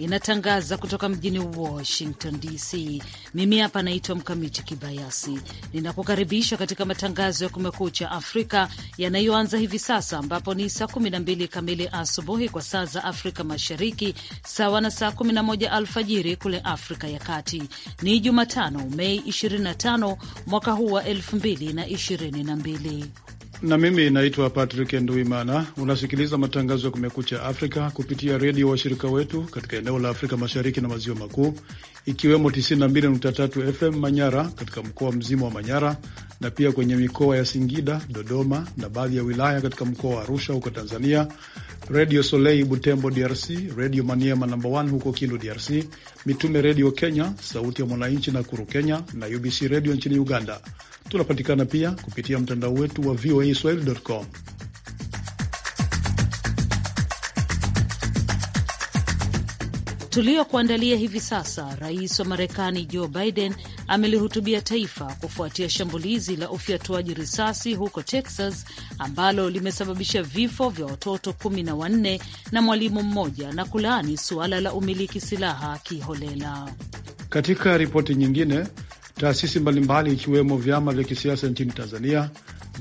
inatangaza kutoka mjini Washington DC. Mimi hapa naitwa Mkamiti Kibayasi, ninakukaribisha katika matangazo ya Kumekucha Afrika yanayoanza hivi sasa, ambapo ni saa 12 kamili asubuhi kwa saa za Afrika Mashariki, sawa na saa 11 alfajiri kule Afrika ya Kati. Ni Jumatano, Mei 25 mwaka huu wa 2022 na mimi naitwa Patrick Nduimana. Unasikiliza matangazo ya Kumekucha Afrika kupitia redio washirika wetu katika eneo la Afrika Mashariki na Maziwa Makuu, ikiwemo 92.3 FM Manyara katika mkoa mzima wa Manyara na pia kwenye mikoa ya Singida, Dodoma na baadhi ya wilaya katika mkoa wa Arusha huko Tanzania, Radio Soleil Butembo DRC, Radio Maniema namba 1 huko Kindu DRC, Mitume Redio Kenya, Sauti ya Mwananchi na Kuru Kenya na UBC Redio nchini Uganda. Tunapatikana pia kupitia mtandao wetu wa voa swahili.com. tuliyokuandalia hivi sasa, rais wa Marekani Joe Biden amelihutubia taifa kufuatia shambulizi la ufyatuaji risasi huko Texas ambalo limesababisha vifo vya watoto kumi na wanne na mwalimu mmoja na kulaani suala la umiliki silaha kiholela. Katika ripoti nyingine Taasisi mbalimbali ikiwemo vyama vya kisiasa nchini Tanzania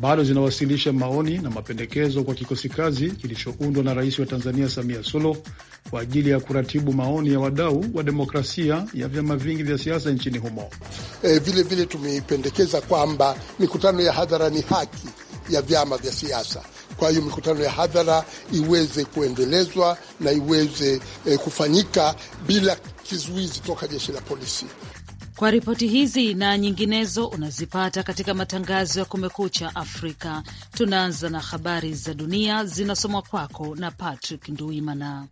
bado zinawasilisha maoni na mapendekezo kwa kikosi kazi kilichoundwa na Rais wa Tanzania Samia Suluhu kwa ajili ya kuratibu maoni ya wadau wa demokrasia ya vyama vingi vya siasa nchini humo. E, vile vile tumeipendekeza kwamba mikutano ya hadhara ni haki ya vyama vya siasa. Kwa hiyo mikutano ya hadhara iweze kuendelezwa na iweze e, kufanyika bila kizuizi toka jeshi la polisi. Kwa ripoti hizi na nyinginezo unazipata katika matangazo ya Kumekucha Afrika. Tunaanza na habari za dunia zinasomwa kwako na Patrick Nduimana.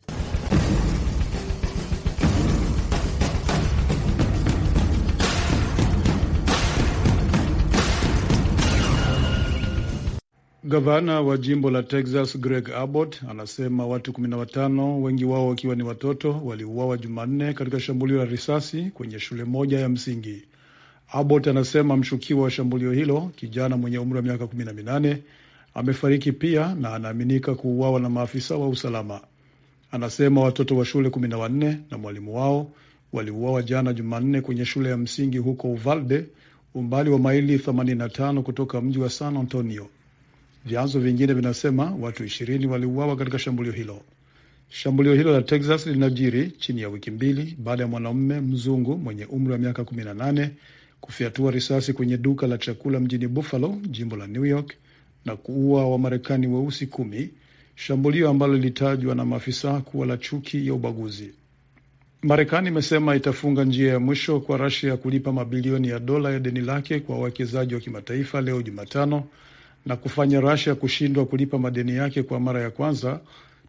Gavana wa jimbo la Texas Greg Abbott anasema watu 15 wengi wao wakiwa ni watoto waliuawa Jumanne katika shambulio la risasi kwenye shule moja ya msingi. Abbott anasema mshukiwa wa shambulio hilo, kijana mwenye umri wa miaka 18, amefariki pia na anaaminika kuuawa na maafisa wa usalama. Anasema watoto wa shule 14 na mwalimu wao waliuawa jana Jumanne kwenye shule ya msingi huko Uvalde, umbali wa maili 85 kutoka mji wa San Antonio. Vyanzo vingine vinasema watu ishirini waliuawa katika shambulio hilo. Shambulio hilo la Texas linajiri chini ya wiki mbili baada ya mwanaume mzungu mwenye umri wa miaka 18 kufyatua risasi kwenye duka la chakula mjini Buffalo, jimbo la New York, na kuua Wamarekani weusi kumi, shambulio ambalo lilitajwa na maafisa kuwa la chuki ya ubaguzi. Marekani imesema itafunga njia ya mwisho kwa rasia ya kulipa mabilioni ya dola ya deni lake kwa wawekezaji wa kimataifa leo Jumatano, na kufanya Russia kushindwa kulipa madeni yake kwa mara ya kwanza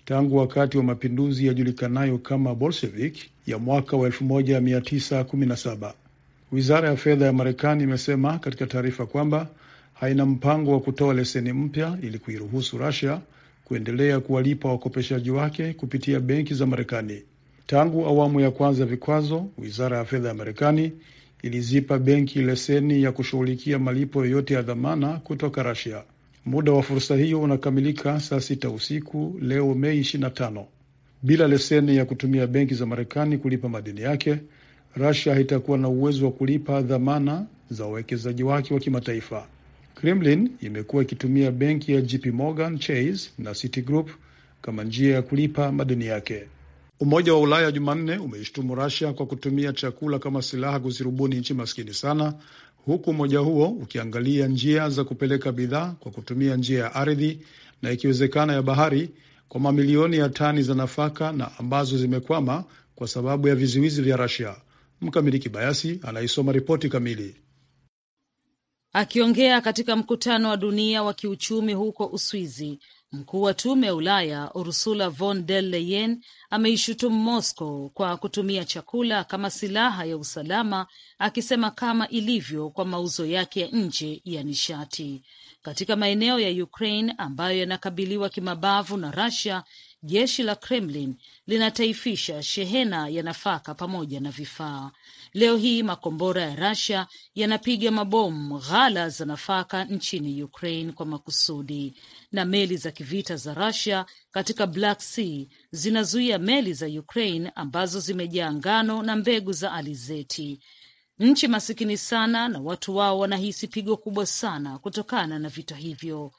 tangu wakati wa mapinduzi yajulikanayo kama Bolshevik ya mwaka wa 1917. Wizara ya fedha ya Marekani imesema katika taarifa kwamba haina mpango wa kutoa leseni mpya ili kuiruhusu Russia kuendelea kuwalipa wakopeshaji wake kupitia benki za Marekani. Tangu awamu ya kwanza ya vikwazo, wizara ya fedha ya Marekani ilizipa benki leseni ya kushughulikia malipo yoyote ya dhamana kutoka Rasia. Muda wa fursa hiyo unakamilika saa sita usiku leo Mei 25. Bila leseni ya kutumia benki za Marekani kulipa madeni yake, Rasia haitakuwa na uwezo wa kulipa dhamana za wawekezaji wake wa kimataifa. Kremlin imekuwa ikitumia benki ya JP Morgan Chase na Citigroup kama njia ya kulipa madeni yake. Umoja wa Ulaya Jumanne umeishtumu Rasia kwa kutumia chakula kama silaha kuzirubuni nchi maskini sana, huku umoja huo ukiangalia njia za kupeleka bidhaa kwa kutumia njia ya ardhi na ikiwezekana ya bahari kwa mamilioni ya tani za nafaka na ambazo zimekwama kwa sababu ya vizuizi vya Rasia. Mkamili Kibayasi anaisoma ripoti kamili. Akiongea katika mkutano wa dunia wa kiuchumi huko Uswizi, Mkuu wa Tume ya Ulaya Ursula von der Leyen ameishutumu Moscow kwa kutumia chakula kama silaha ya usalama, akisema kama ilivyo kwa mauzo yake ya nje ya nishati katika maeneo ya Ukraine ambayo yanakabiliwa kimabavu na Russia, Jeshi la Kremlin linataifisha shehena ya nafaka pamoja na vifaa. Leo hii makombora ya Russia yanapiga mabomu ghala za nafaka nchini Ukraine kwa makusudi, na meli za kivita za Russia katika Black Sea zinazuia meli za Ukraine ambazo zimejaa ngano na mbegu za alizeti. Nchi masikini sana na watu wao wanahisi pigo kubwa sana kutokana na vita hivyo.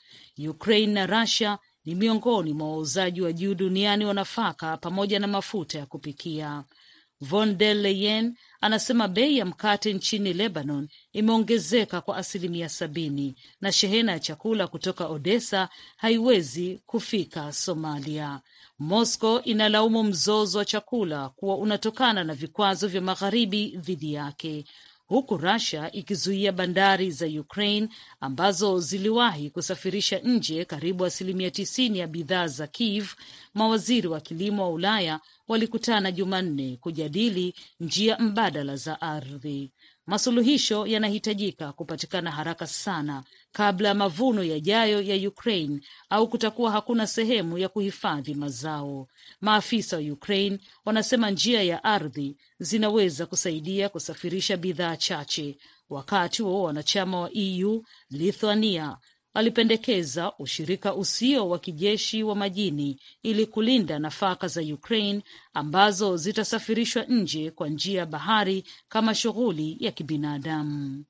Ukraine na Russia ni miongoni mwa wauzaji wa juu duniani wa nafaka pamoja na mafuta ya kupikia. Von der Leyen anasema bei ya mkate nchini Lebanon imeongezeka kwa asilimia sabini na shehena ya chakula kutoka Odessa haiwezi kufika Somalia. Moscow inalaumu mzozo wa chakula kuwa unatokana na vikwazo vya magharibi dhidi yake huku Russia ikizuia bandari za Ukraine ambazo ziliwahi kusafirisha nje karibu asilimia tisini ya bidhaa za Kiev. Mawaziri wa kilimo wa Ulaya walikutana Jumanne kujadili njia mbadala za ardhi. Masuluhisho yanahitajika kupatikana haraka sana kabla ya mavuno yajayo ya Ukraine au kutakuwa hakuna sehemu ya kuhifadhi mazao. Maafisa wa Ukraine wanasema njia ya ardhi zinaweza kusaidia kusafirisha bidhaa chache. Wakati wa wanachama wa EU, Lithuania alipendekeza ushirika usio wa kijeshi wa majini ili kulinda nafaka za Ukraine ambazo zitasafirishwa nje kwa njia ya bahari kama shughuli ya kibinadamu.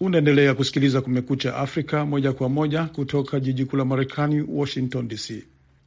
Unaendelea kusikiliza Kumekucha Afrika moja kwa moja kutoka jiji kuu la Marekani, Washington DC.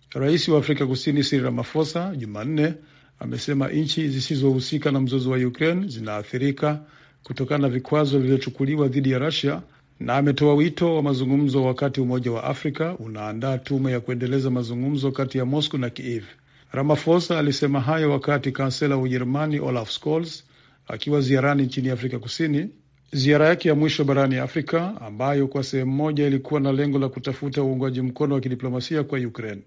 Rais wa Afrika Kusini Cyril Ramaphosa Jumanne amesema nchi zisizohusika na mzozo wa Ukraine zinaathirika kutokana na vikwazo vilivyochukuliwa dhidi ya Russia na ametoa wito wa mazungumzo wakati Umoja wa Afrika unaandaa tume ya kuendeleza mazungumzo kati ya Moscow na Kiev. Ramaphosa alisema hayo wakati kansela wa Ujerumani Olaf Scholz akiwa ziarani nchini Afrika Kusini, ziara yake ya mwisho barani Afrika ambayo kwa sehemu moja ilikuwa na lengo la kutafuta uungwaji mkono wa kidiplomasia kwa Ukraine.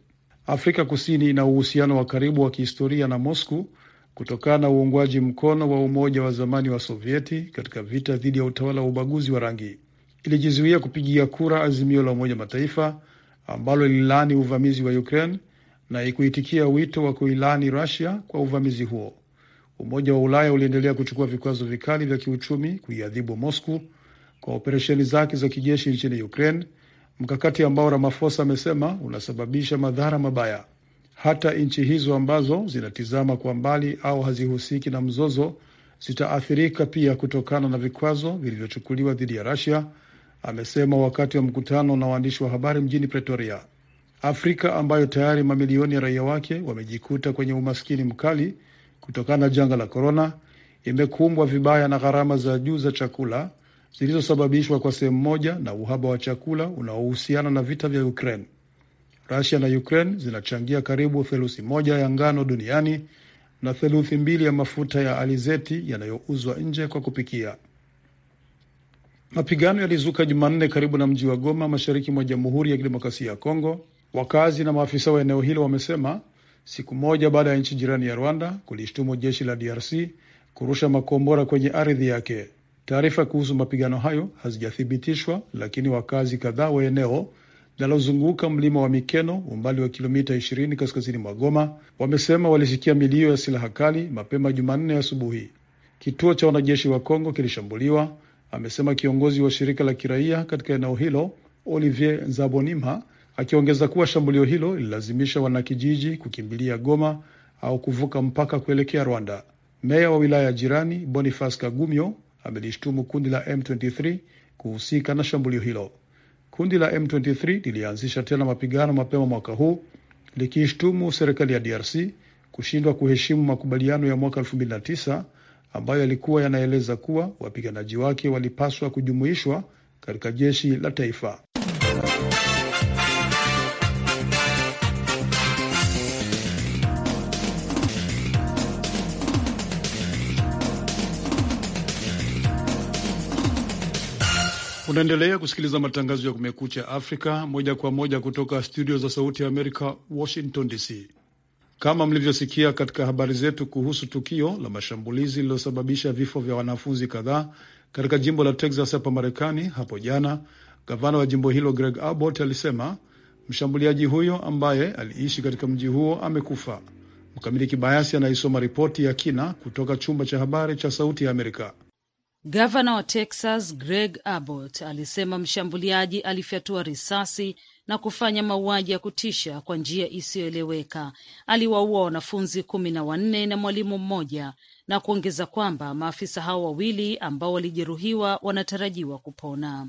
Afrika Kusini ina uhusiano wa karibu wa kihistoria na Moscow kutokana na uungwaji mkono wa Umoja wa zamani wa Sovieti katika vita dhidi ya utawala wa ubaguzi wa rangi ilijizuia kupigia kura azimio la Umoja Mataifa ambalo lililani uvamizi wa Ukraine na ikuitikia wito wa kuilani rasia kwa uvamizi huo. Umoja wa Ulaya uliendelea kuchukua vikwazo vikali vya kiuchumi kuiadhibu Moscow kwa operesheni zake za kijeshi nchini Ukraine, mkakati ambao Ramaphosa amesema unasababisha madhara mabaya. Hata nchi hizo ambazo zinatizama kwa mbali au hazihusiki na mzozo zitaathirika pia kutokana na vikwazo vilivyochukuliwa dhidi ya Russia amesema wakati wa mkutano na waandishi wa habari mjini Pretoria. Afrika ambayo tayari mamilioni ya raia wake wamejikuta kwenye umaskini mkali kutokana na janga la korona, imekumbwa vibaya na gharama za juu za chakula zilizosababishwa kwa sehemu moja na uhaba wa chakula unaohusiana na vita vya Ukraine. Rusia na Ukraine zinachangia karibu theluthi moja ya ngano duniani na theluthi mbili ya mafuta ya alizeti yanayouzwa nje kwa kupikia. Mapigano yalizuka Jumanne karibu na mji wa Goma, mashariki mwa Jamhuri ya Kidemokrasia ya Kongo. Wakazi na maafisa wa eneo hilo wamesema siku moja baada ya nchi jirani ya Rwanda kulishtumu jeshi la DRC kurusha makombora kwenye ardhi yake. Taarifa kuhusu mapigano hayo hazijathibitishwa, lakini wakazi kadhaa wa eneo linalozunguka mlima wa Mikeno, umbali wa kilomita 20 kaskazini mwa Goma, wamesema walisikia milio ya silaha kali mapema Jumanne asubuhi. Kituo cha wanajeshi wa Kongo kilishambuliwa amesema kiongozi wa shirika la kiraia katika eneo hilo Olivier Nzabonimpa, akiongeza kuwa shambulio hilo lililazimisha wanakijiji kukimbilia Goma au kuvuka mpaka kuelekea Rwanda. Meya wa wilaya jirani Boniface Kagumyo amelishtumu kundi la M23 kuhusika na shambulio hilo. Kundi la M23 lilianzisha tena mapigano mapema mwaka huu likiishtumu serikali ya DRC kushindwa kuheshimu makubaliano ya mwaka ambayo yalikuwa yanaeleza kuwa wapiganaji wake walipaswa kujumuishwa katika jeshi la taifa. Unaendelea kusikiliza matangazo ya Kumekucha Afrika moja kwa moja kutoka studio za Sauti ya Amerika, Washington DC. Kama mlivyosikia katika habari zetu kuhusu tukio la mashambulizi lililosababisha vifo vya wanafunzi kadhaa katika jimbo la Texas hapa Marekani hapo jana, gavana wa jimbo hilo Greg Abbott alisema mshambuliaji huyo ambaye aliishi katika mji huo amekufa. Mkamili Kibayasi anaisoma ripoti ya kina kutoka chumba cha habari cha Sauti ya Amerika. Gavana wa Texas Greg Abbott alisema mshambuliaji alifyatua risasi na kufanya mauaji ya kutisha kwa njia isiyoeleweka. Aliwaua wanafunzi kumi na wanne na mwalimu mmoja, na kuongeza kwamba maafisa hao wawili ambao walijeruhiwa wanatarajiwa kupona.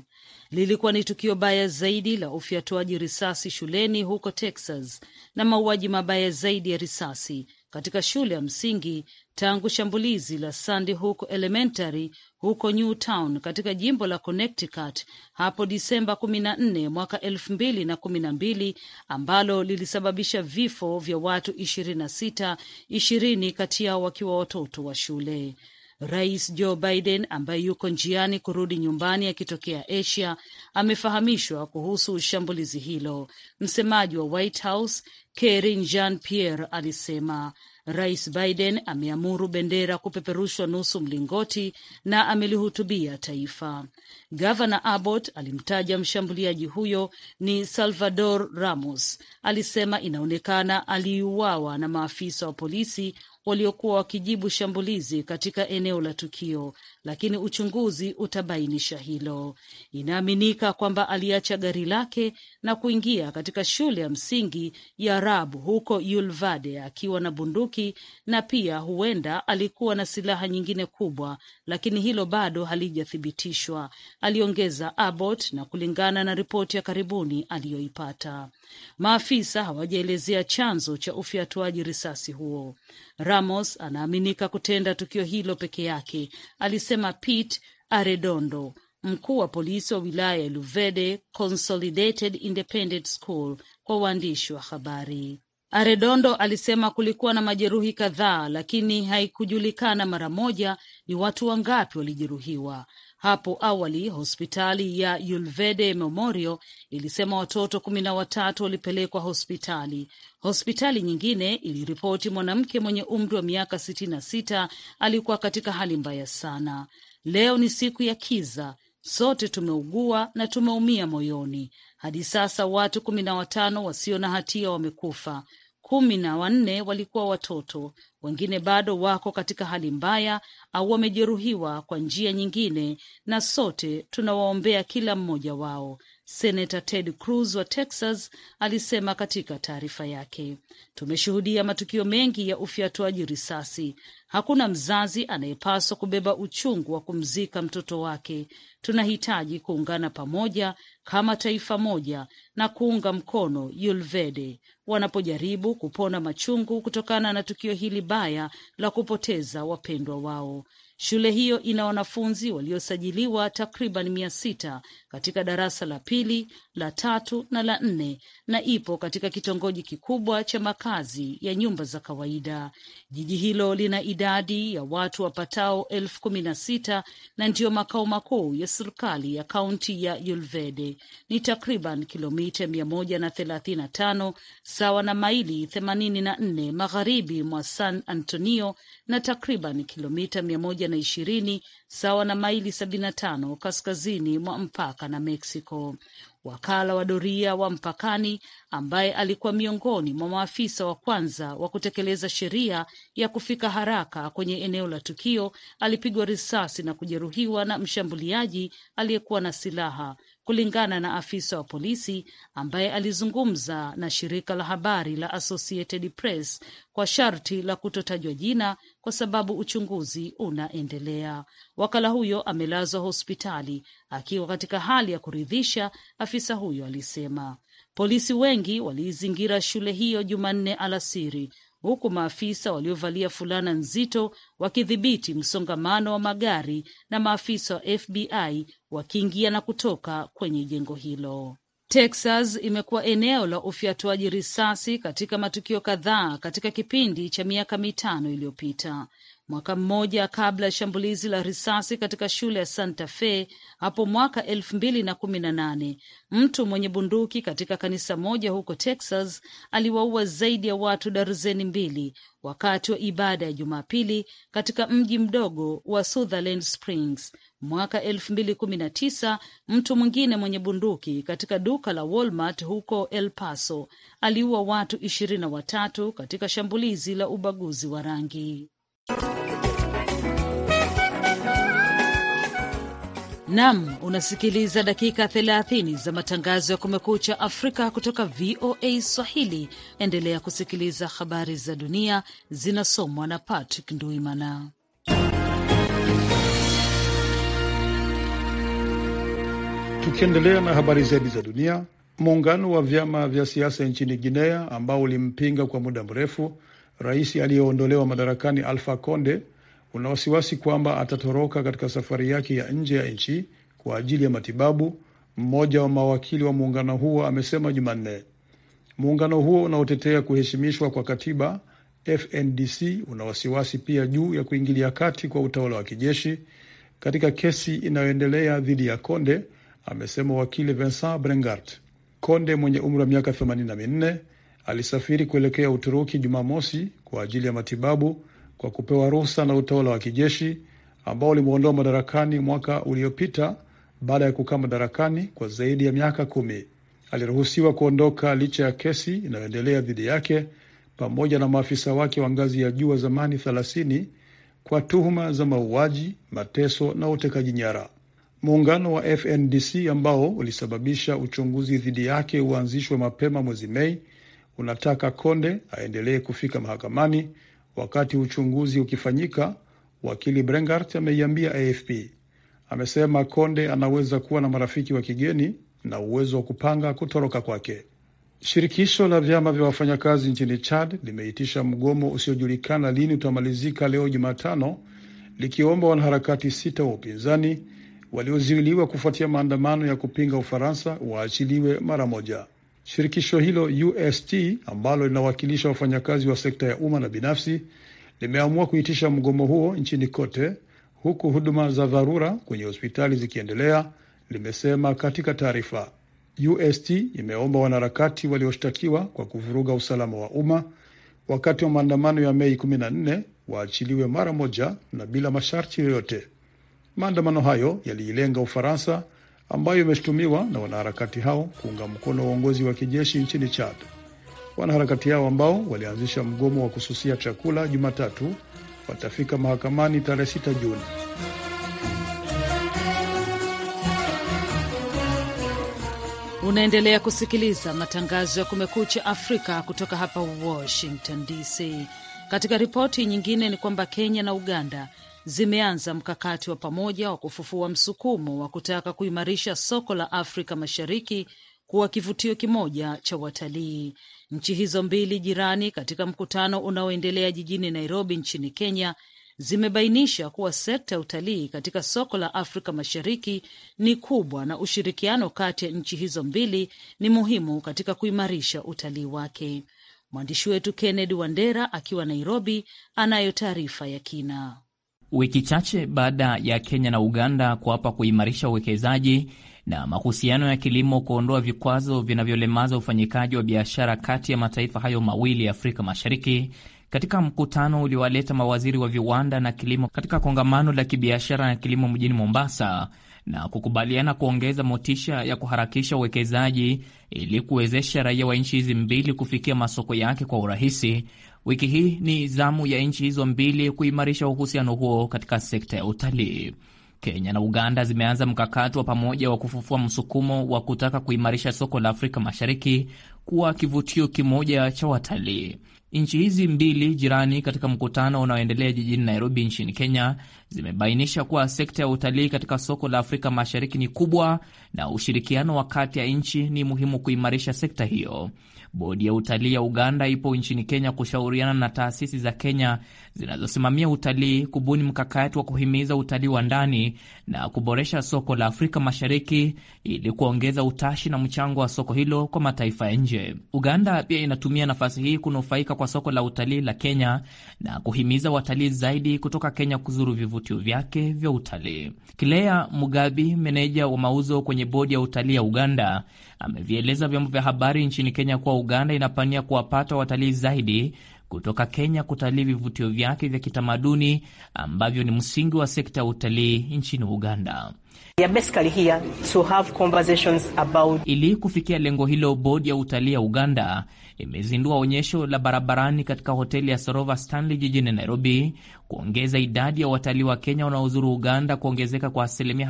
Lilikuwa ni tukio baya zaidi la ufyatuaji risasi shuleni huko Texas na mauaji mabaya zaidi ya risasi katika shule ya msingi tangu shambulizi la Sandy Hook Elementary huko Newtown katika jimbo la Connecticut hapo Disemba kumi na nne mwaka elfu mbili na kumi na mbili ambalo lilisababisha vifo vya watu ishirini na sita, ishirini kati yao wakiwa watoto wa shule. Rais Joe Biden ambaye yuko njiani kurudi nyumbani akitokea Asia amefahamishwa kuhusu shambulizi hilo. Msemaji wa White House Karine Jean Pierre alisema Rais Biden ameamuru bendera kupeperushwa nusu mlingoti na amelihutubia taifa. Gavana Abbott alimtaja mshambuliaji huyo ni Salvador Ramos, alisema inaonekana aliuawa na maafisa wa polisi waliokuwa wakijibu shambulizi katika eneo la tukio, lakini uchunguzi utabainisha hilo. Inaaminika kwamba aliacha gari lake na kuingia katika shule ya msingi ya Rab huko Yulvade akiwa na bunduki na pia huenda alikuwa na silaha nyingine kubwa, lakini hilo bado halijathibitishwa, aliongeza Abbott, na kulingana na ripoti ya karibuni aliyoipata Maafisa hawajaelezea chanzo cha ufyatuaji risasi huo. Ramos anaaminika kutenda tukio hilo peke yake, alisema Pete Arredondo, mkuu wa polisi wa wilaya ya luvede Consolidated Independent School, kwa waandishi wa habari. aredondo alisema kulikuwa na majeruhi kadhaa, lakini haikujulikana mara moja ni watu wangapi walijeruhiwa. Hapo awali hospitali ya Yulvede Memorial ilisema watoto kumi na watatu walipelekwa hospitali. Hospitali nyingine iliripoti mwanamke mwenye umri wa miaka sitini na sita alikuwa katika hali mbaya sana. Leo ni siku ya kiza, sote tumeugua na tumeumia moyoni. Hadi sasa watu kumi na watano wasio na hatia wamekufa kumi na wanne walikuwa watoto, wengine bado wako katika hali mbaya au wamejeruhiwa kwa njia nyingine, na sote tunawaombea kila mmoja wao, Senata Ted Cruz wa Texas alisema katika taarifa yake. Tumeshuhudia matukio mengi ya ufyatuaji risasi Hakuna mzazi anayepaswa kubeba uchungu wa kumzika mtoto wake. Tunahitaji kuungana pamoja kama taifa moja na kuunga mkono Yulvede wanapojaribu kupona machungu kutokana na tukio hili baya la kupoteza wapendwa wao. Shule hiyo ina wanafunzi waliosajiliwa takriban mia sita katika darasa la pili, la tatu na la nne, na ipo katika kitongoji kikubwa cha makazi ya nyumba za kawaida. Jiji hilo lina idadi ya watu wapatao elfu kumi na sita na ndiyo makao makuu ya serikali ya kaunti ya Yulvede. Ni takriban kilomita mia moja na thelathini na tano sawa na maili themanini na nne magharibi mwa San Antonio na takriban kilomita mia moja na ishirini sawa na maili sabini na tano kaskazini mwa mpaka na Mexico wakala wa doria wa mpakani ambaye alikuwa miongoni mwa maafisa wa kwanza wa kutekeleza sheria ya kufika haraka kwenye eneo la tukio, alipigwa risasi na kujeruhiwa na mshambuliaji aliyekuwa na silaha kulingana na afisa wa polisi ambaye alizungumza na shirika la habari la Associated Press kwa sharti la kutotajwa jina kwa sababu uchunguzi unaendelea. Wakala huyo amelazwa hospitali akiwa katika hali ya kuridhisha, afisa huyo alisema. Polisi wengi waliizingira shule hiyo Jumanne alasiri huku maafisa waliovalia fulana nzito wakidhibiti msongamano wa magari na maafisa wa FBI wakiingia na kutoka kwenye jengo hilo. Texas imekuwa eneo la ufyatuaji risasi katika matukio kadhaa katika kipindi cha miaka mitano iliyopita mwaka mmoja kabla ya shambulizi la risasi katika shule ya Santa Fe hapo mwaka elfu mbili na kumi na nane. Mtu mwenye bunduki katika kanisa moja huko Texas aliwaua zaidi ya watu darzeni mbili wakati wa ibada ya Jumapili katika mji mdogo wa Sutherland Springs. Mwaka elfu mbili kumi na tisa mtu mwingine mwenye bunduki katika duka la Walmart huko El Paso aliua watu ishirini na watatu katika shambulizi la ubaguzi wa rangi. Nam, unasikiliza dakika 30 za matangazo ya Kumekucha Afrika kutoka VOA Swahili. Endelea kusikiliza habari za dunia, zinasomwa na Patrick Nduimana. Tukiendelea na habari zaidi za dunia, muungano wa vyama vya siasa nchini Guinea ambao ulimpinga kwa muda mrefu Rais aliyeondolewa madarakani Alfa Conde una wasiwasi kwamba atatoroka katika safari yake ya nje ya nchi kwa ajili ya matibabu, mmoja wa mawakili wa muungano huo amesema Jumanne. Muungano huo unaotetea kuheshimishwa kwa katiba FNDC una wasiwasi pia juu ya kuingilia kati kwa utawala wa kijeshi katika kesi inayoendelea dhidi ya Konde, amesema wakili Vincent Brengart. Konde mwenye umri wa miaka alisafiri kuelekea Uturuki Jumamosi kwa ajili ya matibabu kwa kupewa ruhusa na utawala wa kijeshi ambao ulimwondoa madarakani mwaka uliopita baada ya kukaa madarakani kwa zaidi ya miaka kumi. Aliruhusiwa kuondoka licha ya kesi inayoendelea dhidi yake pamoja na maafisa wake wa ngazi ya juu wa zamani thelathini kwa tuhuma za mauaji, mateso na utekaji nyara. Muungano wa FNDC ambao ulisababisha uchunguzi dhidi yake uanzishwe mapema mwezi Mei unataka Konde aendelee kufika mahakamani wakati uchunguzi ukifanyika. Wakili Brengart ameiambia AFP. Amesema Konde anaweza kuwa na marafiki wa kigeni na uwezo wa kupanga kutoroka kwake. Shirikisho la vyama vya wafanyakazi nchini Chad limeitisha mgomo usiojulikana lini utamalizika leo Jumatano, likiomba wanaharakati sita wa upinzani waliozuiliwa kufuatia maandamano ya kupinga Ufaransa waachiliwe mara moja. Shirikisho hilo UST ambalo linawakilisha wafanyakazi wa sekta ya umma na binafsi limeamua kuitisha mgomo huo nchini kote, huku huduma za dharura kwenye hospitali zikiendelea, limesema katika taarifa. UST imeomba wanaharakati walioshtakiwa kwa kuvuruga usalama wa umma wakati wa maandamano ya Mei 14 waachiliwe mara moja na bila masharti yoyote. Maandamano hayo yaliilenga Ufaransa ambayo imeshutumiwa na wanaharakati hao kuunga mkono uongozi wa kijeshi nchini Chad. Wanaharakati hao ambao walianzisha mgomo wa kususia chakula Jumatatu watafika mahakamani tarehe 6 Juni. Unaendelea kusikiliza matangazo ya Kumekucha Afrika kutoka hapa Washington DC. Katika ripoti nyingine ni kwamba Kenya na Uganda zimeanza mkakati wa pamoja wa kufufua msukumo wa kutaka kuimarisha soko la Afrika Mashariki kuwa kivutio kimoja cha watalii. Nchi hizo mbili jirani, katika mkutano unaoendelea jijini Nairobi nchini Kenya, zimebainisha kuwa sekta ya utalii katika soko la Afrika Mashariki ni kubwa na ushirikiano kati ya nchi hizo mbili ni muhimu katika kuimarisha utalii wake. Mwandishi wetu Kennedy Wandera akiwa Nairobi anayo taarifa ya kina wiki chache baada ya Kenya na Uganda kuapa kuimarisha uwekezaji na mahusiano ya kilimo, kuondoa vikwazo vinavyolemaza ufanyikaji wa biashara kati ya mataifa hayo mawili ya Afrika Mashariki. Katika mkutano uliowaleta mawaziri wa viwanda na kilimo katika kongamano la kibiashara na kilimo mjini Mombasa na kukubaliana kuongeza motisha ya kuharakisha uwekezaji ili kuwezesha raia wa nchi hizi mbili kufikia masoko yake kwa urahisi, Wiki hii ni zamu ya nchi hizo mbili kuimarisha uhusiano huo katika sekta ya utalii. Kenya na Uganda zimeanza mkakati wa pamoja wa kufufua msukumo wa kutaka kuimarisha soko la Afrika Mashariki kuwa kivutio kimoja cha watalii. Nchi hizi mbili jirani, katika mkutano unaoendelea jijini Nairobi nchini Kenya, zimebainisha kuwa sekta ya utalii katika soko la Afrika Mashariki ni kubwa na ushirikiano wa kati ya nchi ni muhimu kuimarisha sekta hiyo. Bodi ya utalii ya Uganda ipo nchini Kenya kushauriana na taasisi za Kenya zinazosimamia utalii kubuni mkakati wa kuhimiza utalii wa ndani na kuboresha soko la Afrika Mashariki ili kuongeza utashi na mchango wa soko hilo kwa mataifa ya nje. Uganda pia inatumia nafasi hii kunufaika kwa soko la utalii la Kenya na kuhimiza watalii zaidi kutoka Kenya kuzuru vivutio vyake vya utalii. Kilea Mugabi, meneja wa mauzo kwenye bodi ya utalii ya Uganda, amevieleza vyombo vya habari nchini Kenya kuwa Uganda inapania kuwapata watalii zaidi kutoka Kenya kutalii vivutio vyake vya kitamaduni ambavyo ni msingi wa sekta ya utalii nchini Uganda. Ili kufikia lengo hilo, bodi ya utalii ya Uganda imezindua onyesho la barabarani katika hoteli ya Sarova Stanley jijini Nairobi, kuongeza idadi ya watalii wa Kenya wanaozuru Uganda kuongezeka kwa asilimia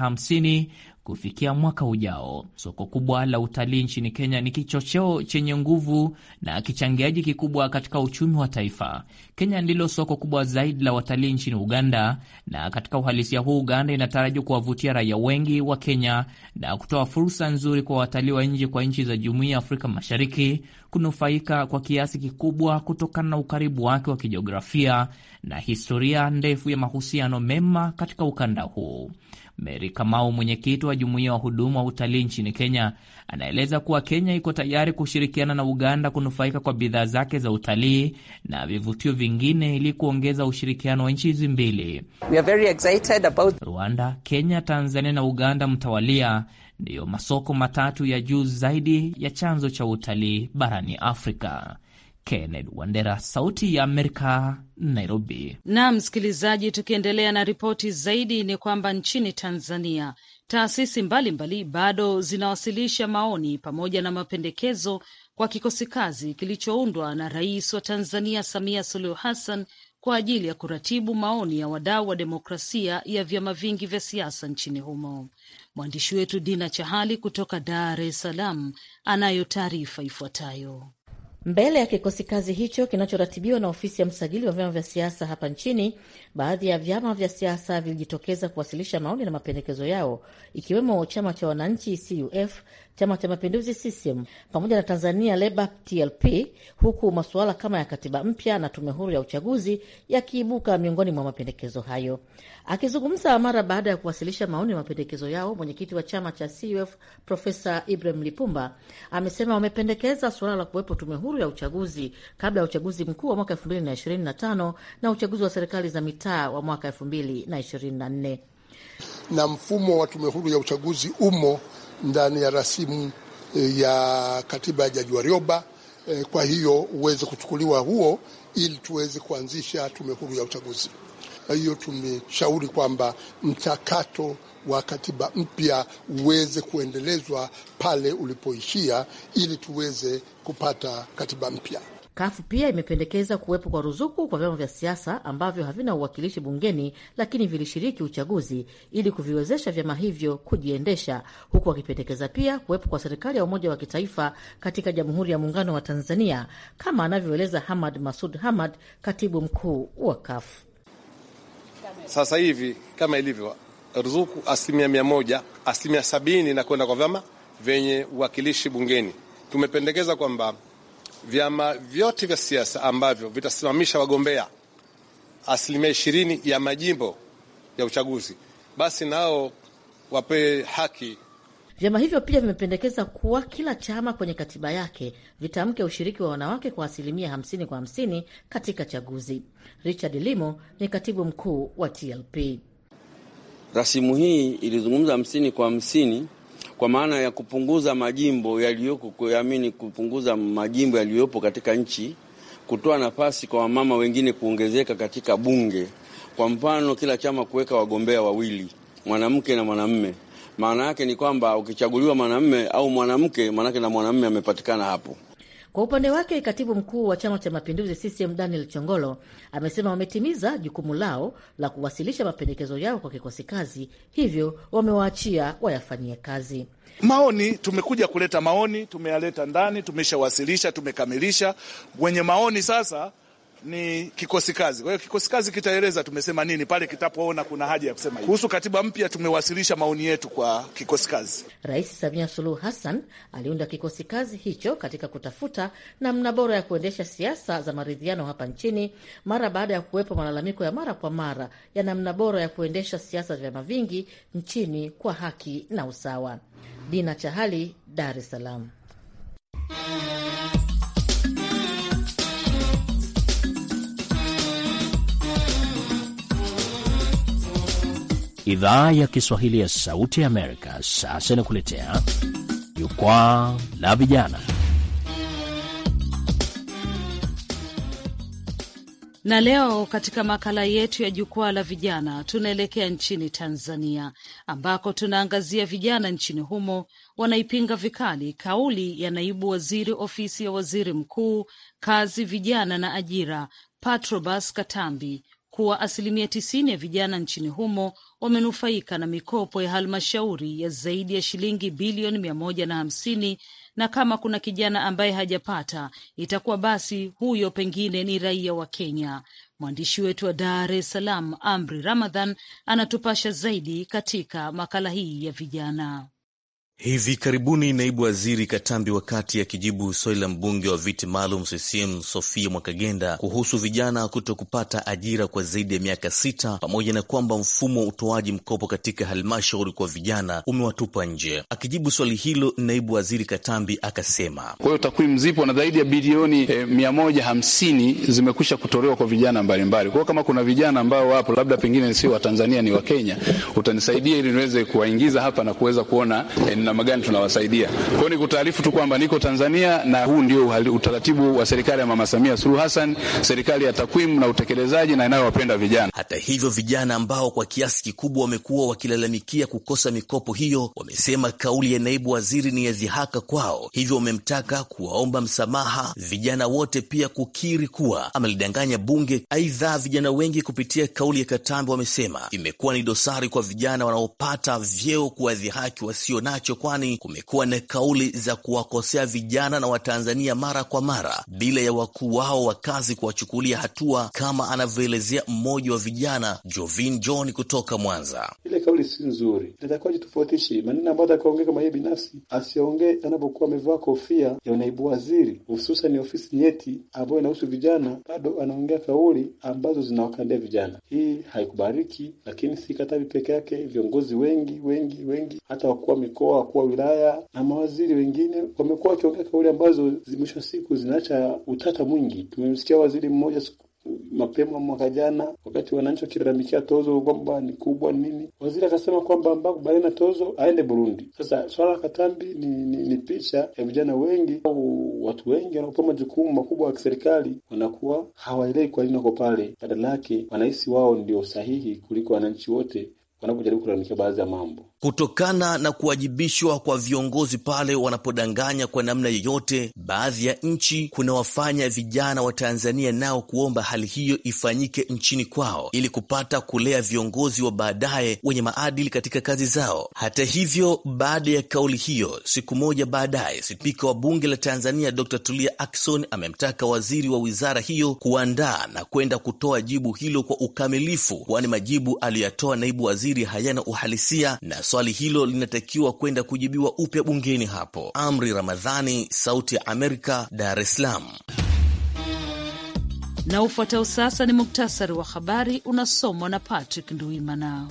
kufikia mwaka ujao. Soko kubwa la utalii nchini Kenya ni kichocheo chenye nguvu na kichangiaji kikubwa katika uchumi wa taifa. Kenya ndilo soko kubwa zaidi la watalii nchini Uganda, na katika uhalisia huu Uganda inatarajiwa kuwavutia raia wengi wa Kenya na kutoa fursa nzuri kwa watalii wa nje kwa nchi za Jumuiya ya Afrika Mashariki kunufaika kwa kiasi kikubwa kutokana na ukaribu wake wa kijiografia na historia ndefu ya mahusiano mema katika ukanda huu. Mary Kamau, mwenyekiti wa jumuiya wa huduma wa utalii nchini Kenya, anaeleza kuwa Kenya iko tayari kushirikiana na Uganda kunufaika kwa bidhaa zake za utalii na vivutio vingine ili kuongeza ushirikiano wa nchi hizi mbili. about... Rwanda, Kenya, Tanzania na Uganda mtawalia ndiyo masoko matatu ya juu zaidi ya chanzo cha utalii barani Afrika. Kennedy Wandera, Sauti ya Amerika, Nairobi. Naam msikilizaji, tukiendelea na ripoti zaidi ni kwamba nchini Tanzania taasisi mbalimbali mbali bado zinawasilisha maoni pamoja na mapendekezo kwa kikosi kazi kilichoundwa na Rais wa Tanzania Samia Suluhu Hassan kwa ajili ya kuratibu maoni ya wadau wa demokrasia ya vyama vingi vya siasa nchini humo. Mwandishi wetu Dina Chahali kutoka Dar es Salaam anayo taarifa ifuatayo mbele ya kikosi kazi hicho kinachoratibiwa na ofisi ya msajili wa vyama vya siasa hapa nchini. Baadhi ya vyama vya siasa vilijitokeza kuwasilisha maoni na mapendekezo yao, ikiwemo chama cha wananchi CUF Chama cha Mapinduzi CCM pamoja na Tanzania Labour TLP, huku masuala kama ya katiba mpya na tume huru ya uchaguzi yakiibuka miongoni mwa mapendekezo hayo. Akizungumza mara baada ya kuwasilisha maoni ya mapendekezo yao, mwenyekiti wa chama cha CUF Profesa Ibrahim Lipumba amesema wamependekeza suala la kuwepo tume huru ya uchaguzi kabla ya uchaguzi mkuu wa mwaka mbili na uchaguzi wa serikali za mitaa wa mwaka nne na mfumo wa tume huru ya uchaguzi umo ndani ya rasimu eh, ya katiba ya Jaji Warioba. Eh, kwa hiyo uweze kuchukuliwa huo, ili tuweze kuanzisha tume huru ya uchaguzi. Kwa hiyo tumeshauri kwamba mchakato wa katiba mpya uweze kuendelezwa pale ulipoishia, ili tuweze kupata katiba mpya. Kafu pia imependekeza kuwepo kwa ruzuku kwa vyama vya siasa ambavyo havina uwakilishi bungeni lakini vilishiriki uchaguzi ili kuviwezesha vyama hivyo kujiendesha, huku wakipendekeza pia kuwepo kwa serikali ya umoja wa kitaifa katika Jamhuri ya Muungano wa Tanzania, kama anavyoeleza Hamad Masud Hamad, katibu mkuu wa Kafu. Sasa hivi kama ilivyo ruzuku asilimia mia moja, asilimia sabini na kwenda kwa vyama vyenye uwakilishi bungeni, tumependekeza kwamba vyama vyote vya siasa ambavyo vitasimamisha wagombea asilimia ishirini ya majimbo ya uchaguzi, basi nao wapewe haki. Vyama hivyo pia vimependekeza kuwa kila chama kwenye katiba yake vitamke ushiriki wa wanawake kwa asilimia hamsini kwa hamsini katika chaguzi. Richard Limo ni katibu mkuu wa TLP. Rasimu hii ilizungumza hamsini kwa hamsini kwa maana ya kupunguza majimbo yaliyoko, kuamini kupunguza majimbo yaliyopo katika nchi, kutoa nafasi kwa wamama wengine kuongezeka katika bunge. Kwa mfano, kila chama kuweka wagombea wawili, mwanamke na mwanamme. Maana yake ni kwamba ukichaguliwa mwanamme au mwanamke, maanake na mwanamme amepatikana hapo. Kwa upande wake katibu mkuu wa Chama cha Mapinduzi CCM Daniel Chongolo amesema wametimiza jukumu lao la kuwasilisha mapendekezo yao kwa kikosi kazi, hivyo wamewaachia wayafanyie kazi. Maoni tumekuja kuleta maoni, tumeyaleta ndani, tumeshawasilisha, tumekamilisha. Wenye maoni sasa ni kikosi kazi. Kwa hiyo kikosi kazi kitaeleza tumesema nini pale kitapoona kuna haja ya kusema. Kuhusu katiba mpya, tumewasilisha maoni yetu kwa kikosi kazi. Rais Samia Suluhu Hassan aliunda kikosi kazi hicho katika kutafuta namna bora ya kuendesha siasa za maridhiano hapa nchini mara baada ya kuwepo malalamiko ya mara kwa mara ya namna bora ya kuendesha siasa za vyama vingi nchini kwa haki na usawa. Dina Chahali, Dar es Salaam. Idhaa ya Kiswahili ya Sauti ya Amerika sasa inakuletea jukwaa la vijana. Na leo katika makala yetu ya jukwaa la vijana tunaelekea nchini Tanzania ambako tunaangazia vijana nchini humo wanaipinga vikali kauli ya naibu waziri ofisi ya waziri mkuu, kazi, vijana na ajira, Patrobas Katambi kuwa asilimia tisini ya vijana nchini humo wamenufaika na mikopo ya halmashauri ya zaidi ya shilingi bilioni mia moja na hamsini na kama kuna kijana ambaye hajapata itakuwa basi huyo pengine ni raia wa Kenya. Mwandishi wetu wa Dar es Salaam, Amri Ramadhan, anatupasha zaidi katika makala hii ya vijana. Hivi karibuni naibu waziri Katambi, wakati akijibu swali la mbunge wa viti maalum CCM Sofia Mwakagenda kuhusu vijana kuto kupata ajira kwa zaidi ya miaka sita, pamoja na kwamba mfumo wa utoaji mkopo katika halmashauri kwa vijana umewatupa nje. Akijibu swali hilo, naibu waziri Katambi akasema, kwa hiyo takwimu zipo na zaidi ya bilioni eh, mia moja hamsini zimekwisha kutolewa kwa vijana mbalimbali. Kwa hiyo kama kuna vijana ambao wapo labda pengine sio Watanzania ni Wakenya, utanisaidia ili niweze kuwaingiza hapa na kuweza kuona eh, namna gani tunawasaidia. Kwa hiyo nikutaarifu tu kwamba niko Tanzania na huu ndio utaratibu wa serikali ya Mama Samia Suluhu Hassan, serikali ya takwimu na utekelezaji na inayowapenda vijana. Hata hivyo, vijana ambao kwa kiasi kikubwa wamekuwa wakilalamikia kukosa mikopo hiyo wamesema kauli ya naibu waziri ni ya dhihaka kwao, hivyo wamemtaka kuwaomba msamaha vijana wote, pia kukiri kuwa amelidanganya Bunge. Aidha, vijana wengi kupitia kauli ya Katambi wamesema imekuwa ni dosari kwa vijana wanaopata vyeo kuwadhihaki wasio nacho kwani kumekuwa na kauli za kuwakosea vijana na Watanzania mara kwa mara bila ya wakuu wao wa kazi kuwachukulia hatua, kama anavyoelezea mmoja wa vijana Jovin John kutoka Mwanza. Ile kauli si nzuri, itakuwa jitofautishe maneno ambayo atakaongea kama yeye binafsi, asiongee anapokuwa amevaa kofia ya naibu waziri, hususan ofisi nyeti ambayo inahusu vijana, bado anaongea kauli ambazo zinawakandia vijana. Hii haikubariki, lakini si Katavi peke yake, viongozi wengi wengi wengi, hata wakuu wa mikoa wakuu wa wilaya na mawaziri wengine wamekuwa wakiongea kauli ambazo mwisho siku zinaacha utata mwingi. Tumemsikia waziri mmoja mapema mwaka jana, wakati wananchi wakilalamikia tozo kwamba ni kubwa nini, waziri akasema kwamba ambako na tozo aende Burundi. Sasa swala la Katambi ni, ni, ni picha ya vijana wengi au watu wengi wanaopewa majukumu makubwa ya kiserikali wanakuwa hawaelewi kwa nini wako pale, badala yake wanahisi wao ndio sahihi kuliko wananchi wote wanapojaribu kulalamikia baadhi ya mambo kutokana na kuwajibishwa kwa viongozi pale wanapodanganya kwa namna yoyote. Baadhi ya nchi kunawafanya vijana wa Tanzania nao kuomba hali hiyo ifanyike nchini kwao ili kupata kulea viongozi wa baadaye wenye maadili katika kazi zao. Hata hivyo, baada ya kauli hiyo, siku moja baadaye, spika wa bunge la Tanzania Dr. Tulia Ackson amemtaka waziri wa wizara hiyo kuandaa na kwenda kutoa jibu hilo kwa ukamilifu, kwani majibu aliyoyatoa naibu waziri hayana uhalisia na so swali hilo linatakiwa kwenda kujibiwa upya bungeni hapo. Amri Ramadhani, Sauti ya Amerika, Dar es Salaam. Na ufuatao sasa ni muktasari wa habari unasomwa na Patrick Nduimana.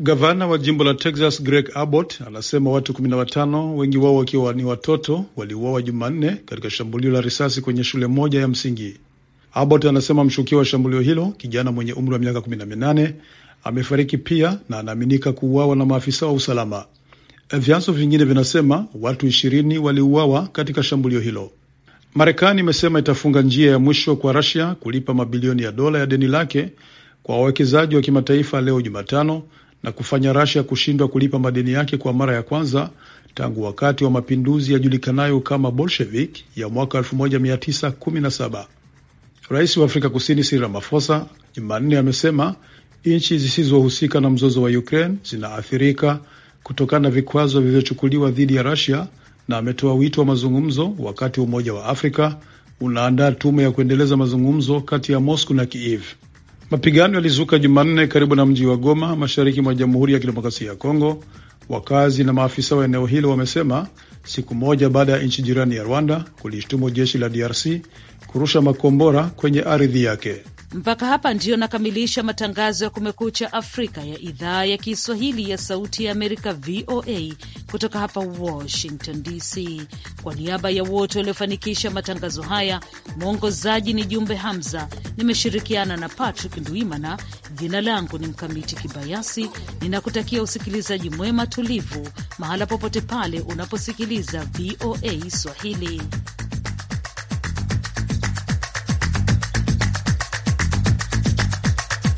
Gavana wa jimbo la Texas Greg Abbott anasema watu 15 wengi wao wakiwa ni watoto waliuawa Jumanne katika shambulio la risasi kwenye shule moja ya msingi. Abbott anasema mshukiwa wa shambulio hilo, kijana mwenye umri wa miaka 18, amefariki pia na anaaminika kuuawa na maafisa wa usalama. Eh, vyanzo vingine vinasema watu ishirini waliuawa katika shambulio hilo. Marekani imesema itafunga njia ya mwisho kwa Russia kulipa mabilioni ya dola ya deni lake kwa wawekezaji wa kimataifa leo Jumatano na kufanya Russia kushindwa kulipa madeni yake kwa mara ya kwanza tangu wakati wa mapinduzi yajulikanayo kama Bolshevik ya mwaka 1917. Rais wa Afrika Kusini Cyril Ramaphosa Jumanne amesema nchi zisizohusika na mzozo wa Ukraine zinaathirika kutokana na vikwazo vilivyochukuliwa dhidi ya Russia na ametoa wito wa mazungumzo wakati Umoja wa Afrika unaandaa tume ya kuendeleza mazungumzo kati ya Moscow na Kiev. Mapigano yalizuka Jumanne karibu na mji wa Goma, mashariki mwa Jamhuri ya Kidemokrasia ya Kongo. Wakazi na maafisa wa eneo hilo wamesema siku moja baada ya nchi jirani ya Rwanda kulishtumu jeshi la DRC kurusha makombora kwenye ardhi yake. Mpaka hapa ndiyo nakamilisha matangazo ya Kumekucha Afrika ya idhaa ya Kiswahili ya Sauti ya Amerika, VOA, kutoka hapa Washington DC. Kwa niaba ya wote waliofanikisha matangazo haya, mwongozaji ni Jumbe Hamza, nimeshirikiana na Patrick Ndwimana. Jina langu ni Mkamiti Kibayasi, ninakutakia usikilizaji mwema, tulivu, mahala popote pale unaposikiliza unasikiliza VOA Swahili.